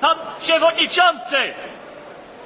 Pan Przewodniczący!